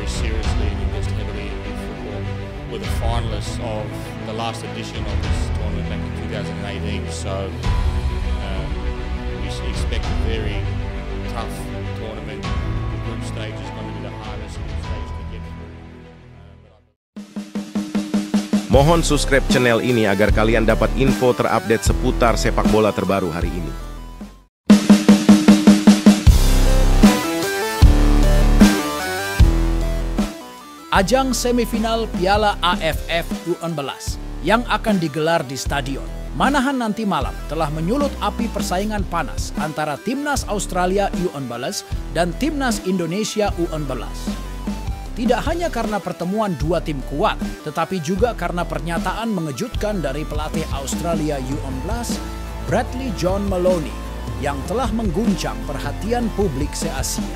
very seriously against Italy in football. with the finalists of the last edition of this tournament back in 2018, so um, we should expect a very tough tournament. The group stage is going to be the hardest group stage to get through. Uh, Mohon subscribe channel ini agar kalian dapat info terupdate seputar sepak bola terbaru hari ini. ajang semifinal Piala AFF U16 yang akan digelar di Stadion Manahan nanti malam telah menyulut api persaingan panas antara Timnas Australia U16 dan Timnas Indonesia U16. Tidak hanya karena pertemuan dua tim kuat, tetapi juga karena pernyataan mengejutkan dari pelatih Australia U16, Bradley John Maloney, yang telah mengguncang perhatian publik se-Asia.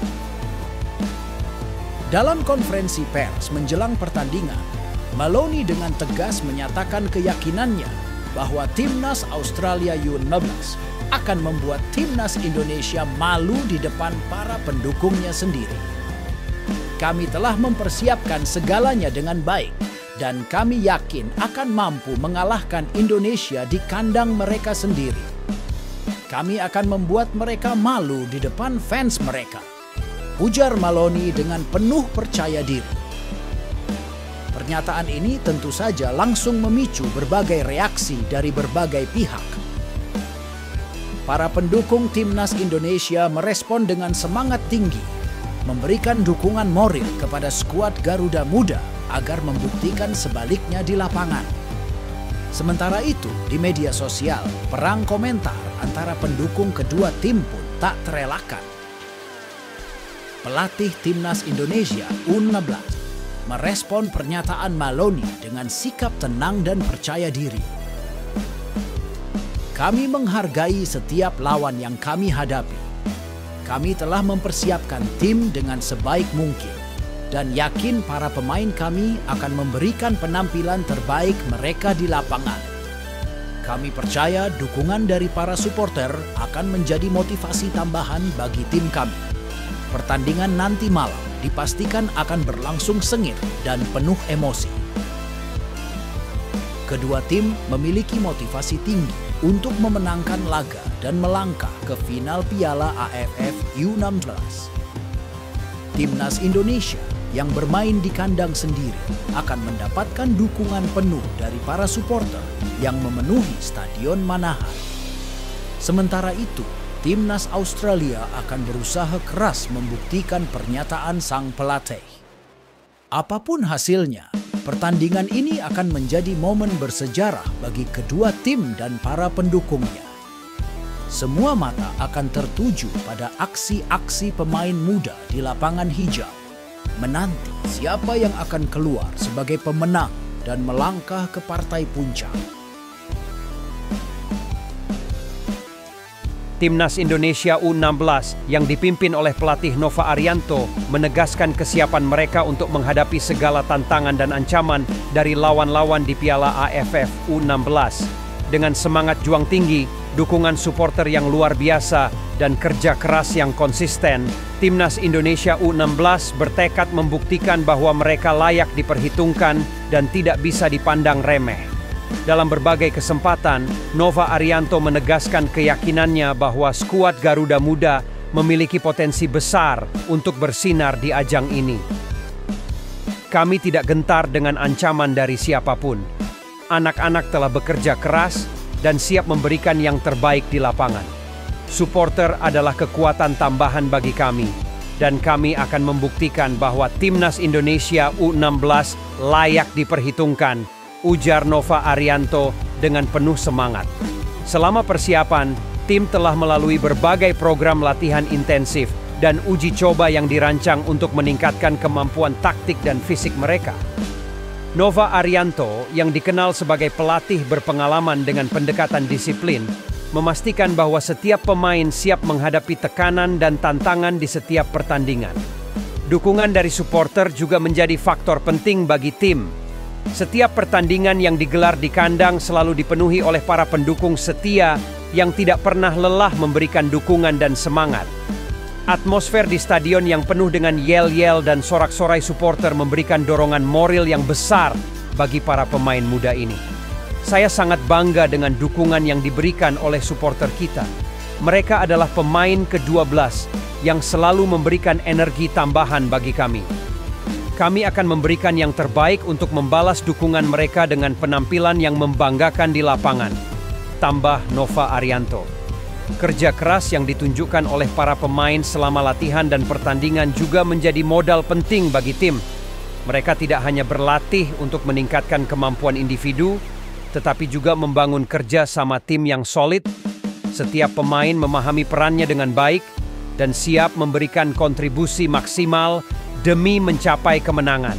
Dalam konferensi pers menjelang pertandingan, Maloney dengan tegas menyatakan keyakinannya bahwa timnas Australia U16 akan membuat timnas Indonesia malu di depan para pendukungnya sendiri. Kami telah mempersiapkan segalanya dengan baik dan kami yakin akan mampu mengalahkan Indonesia di kandang mereka sendiri. Kami akan membuat mereka malu di depan fans mereka ujar Maloni dengan penuh percaya diri. Pernyataan ini tentu saja langsung memicu berbagai reaksi dari berbagai pihak. Para pendukung timnas Indonesia merespon dengan semangat tinggi, memberikan dukungan moral kepada skuad Garuda Muda agar membuktikan sebaliknya di lapangan. Sementara itu, di media sosial, perang komentar antara pendukung kedua tim pun tak terelakkan pelatih timnas Indonesia U16, merespon pernyataan Maloney dengan sikap tenang dan percaya diri. Kami menghargai setiap lawan yang kami hadapi. Kami telah mempersiapkan tim dengan sebaik mungkin dan yakin para pemain kami akan memberikan penampilan terbaik mereka di lapangan. Kami percaya dukungan dari para supporter akan menjadi motivasi tambahan bagi tim kami. Pertandingan nanti malam dipastikan akan berlangsung sengit dan penuh emosi. Kedua tim memiliki motivasi tinggi untuk memenangkan laga dan melangkah ke final Piala AFF U16. Timnas Indonesia yang bermain di kandang sendiri akan mendapatkan dukungan penuh dari para supporter yang memenuhi Stadion Manahan. Sementara itu, timnas Australia akan berusaha keras membuktikan pernyataan sang pelatih. Apapun hasilnya, pertandingan ini akan menjadi momen bersejarah bagi kedua tim dan para pendukungnya. Semua mata akan tertuju pada aksi-aksi pemain muda di lapangan hijau, menanti siapa yang akan keluar sebagai pemenang dan melangkah ke partai puncak. Timnas Indonesia U16 yang dipimpin oleh pelatih Nova Arianto menegaskan kesiapan mereka untuk menghadapi segala tantangan dan ancaman dari lawan-lawan di Piala AFF U16. Dengan semangat juang tinggi, dukungan supporter yang luar biasa, dan kerja keras yang konsisten, Timnas Indonesia U16 bertekad membuktikan bahwa mereka layak diperhitungkan dan tidak bisa dipandang remeh. Dalam berbagai kesempatan, Nova Arianto menegaskan keyakinannya bahwa skuad Garuda Muda memiliki potensi besar untuk bersinar di ajang ini. Kami tidak gentar dengan ancaman dari siapapun. Anak-anak telah bekerja keras dan siap memberikan yang terbaik di lapangan. Supporter adalah kekuatan tambahan bagi kami, dan kami akan membuktikan bahwa timnas Indonesia U16 layak diperhitungkan ujar Nova Arianto dengan penuh semangat. Selama persiapan, tim telah melalui berbagai program latihan intensif dan uji coba yang dirancang untuk meningkatkan kemampuan taktik dan fisik mereka. Nova Arianto, yang dikenal sebagai pelatih berpengalaman dengan pendekatan disiplin, memastikan bahwa setiap pemain siap menghadapi tekanan dan tantangan di setiap pertandingan. Dukungan dari supporter juga menjadi faktor penting bagi tim setiap pertandingan yang digelar di kandang selalu dipenuhi oleh para pendukung setia yang tidak pernah lelah memberikan dukungan dan semangat. Atmosfer di stadion yang penuh dengan yel-yel dan sorak-sorai supporter memberikan dorongan moral yang besar bagi para pemain muda ini. Saya sangat bangga dengan dukungan yang diberikan oleh supporter kita. Mereka adalah pemain ke-12 yang selalu memberikan energi tambahan bagi kami kami akan memberikan yang terbaik untuk membalas dukungan mereka dengan penampilan yang membanggakan di lapangan. Tambah Nova Arianto. Kerja keras yang ditunjukkan oleh para pemain selama latihan dan pertandingan juga menjadi modal penting bagi tim. Mereka tidak hanya berlatih untuk meningkatkan kemampuan individu, tetapi juga membangun kerja sama tim yang solid. Setiap pemain memahami perannya dengan baik dan siap memberikan kontribusi maksimal demi mencapai kemenangan.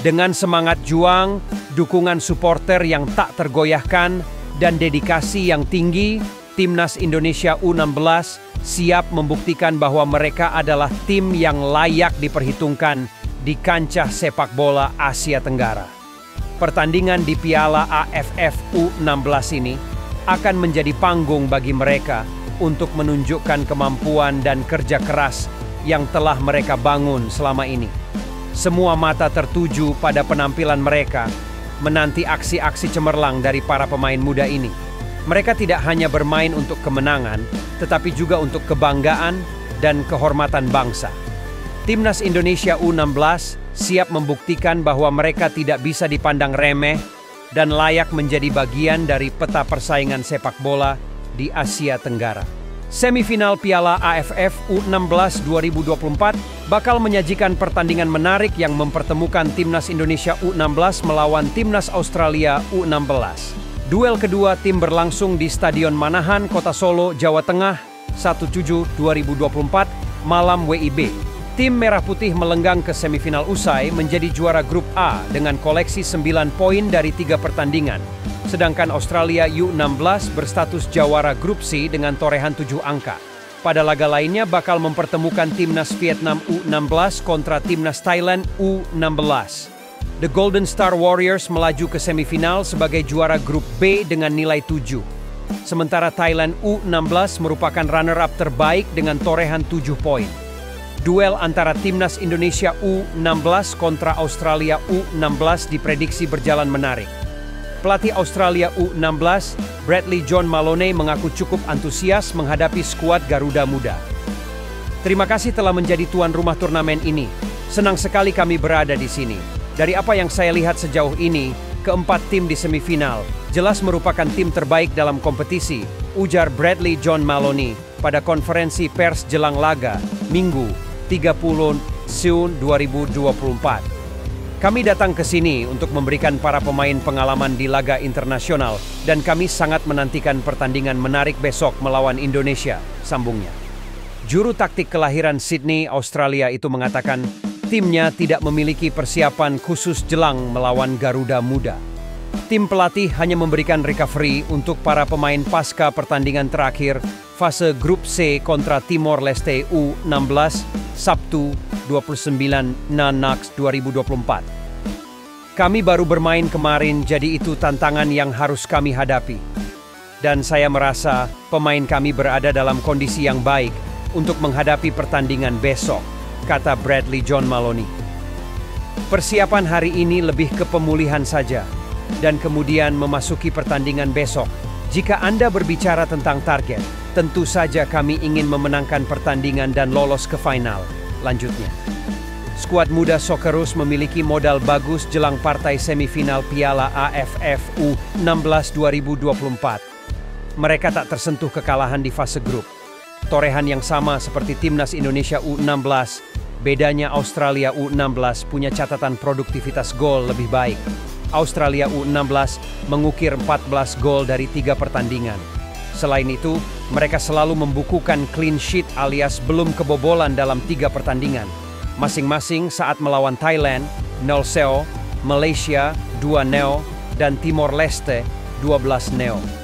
Dengan semangat juang, dukungan supporter yang tak tergoyahkan, dan dedikasi yang tinggi, Timnas Indonesia U16 siap membuktikan bahwa mereka adalah tim yang layak diperhitungkan di kancah sepak bola Asia Tenggara. Pertandingan di Piala AFF U16 ini akan menjadi panggung bagi mereka untuk menunjukkan kemampuan dan kerja keras yang telah mereka bangun selama ini. Semua mata tertuju pada penampilan mereka, menanti aksi-aksi cemerlang dari para pemain muda ini. Mereka tidak hanya bermain untuk kemenangan, tetapi juga untuk kebanggaan dan kehormatan bangsa. Timnas Indonesia U16 siap membuktikan bahwa mereka tidak bisa dipandang remeh dan layak menjadi bagian dari peta persaingan sepak bola di Asia Tenggara. Semifinal Piala AFF U16 2024 bakal menyajikan pertandingan menarik yang mempertemukan Timnas Indonesia U16 melawan Timnas Australia U16. Duel kedua tim berlangsung di Stadion Manahan, Kota Solo, Jawa Tengah, 17 2024, malam WIB. Tim Merah Putih melenggang ke semifinal usai menjadi juara grup A dengan koleksi 9 poin dari tiga pertandingan. Sedangkan Australia U16 berstatus jawara grup C dengan torehan 7 angka. Pada laga lainnya bakal mempertemukan timnas Vietnam U16 kontra timnas Thailand U16. The Golden Star Warriors melaju ke semifinal sebagai juara grup B dengan nilai 7. Sementara Thailand U16 merupakan runner-up terbaik dengan torehan 7 poin. Duel antara timnas Indonesia U16 kontra Australia U16 diprediksi berjalan menarik. Pelatih Australia U16, Bradley John Maloney mengaku cukup antusias menghadapi skuad Garuda Muda. Terima kasih telah menjadi tuan rumah turnamen ini. Senang sekali kami berada di sini. Dari apa yang saya lihat sejauh ini, keempat tim di semifinal jelas merupakan tim terbaik dalam kompetisi, ujar Bradley John Maloney pada konferensi pers jelang laga, Minggu, 30 Siun 2024. Kami datang ke sini untuk memberikan para pemain pengalaman di laga internasional dan kami sangat menantikan pertandingan menarik besok melawan Indonesia, sambungnya. Juru taktik kelahiran Sydney, Australia itu mengatakan timnya tidak memiliki persiapan khusus jelang melawan Garuda Muda. Tim pelatih hanya memberikan recovery untuk para pemain pasca pertandingan terakhir fase grup C kontra Timor Leste U16 Sabtu 29 Nanax 2024. Kami baru bermain kemarin jadi itu tantangan yang harus kami hadapi. Dan saya merasa pemain kami berada dalam kondisi yang baik untuk menghadapi pertandingan besok, kata Bradley John Maloney. Persiapan hari ini lebih ke pemulihan saja dan kemudian memasuki pertandingan besok. Jika Anda berbicara tentang target, Tentu saja kami ingin memenangkan pertandingan dan lolos ke final. Lanjutnya. Skuad muda Socceroos memiliki modal bagus jelang partai semifinal Piala AFF U16 2024. Mereka tak tersentuh kekalahan di fase grup. Torehan yang sama seperti timnas Indonesia U16, bedanya Australia U16 punya catatan produktivitas gol lebih baik. Australia U16 mengukir 14 gol dari tiga pertandingan. Selain itu, mereka selalu membukukan clean sheet alias belum kebobolan dalam tiga pertandingan. Masing-masing saat melawan Thailand, 0 Seo, Malaysia, 2 Neo, dan Timor Leste, 12 Neo.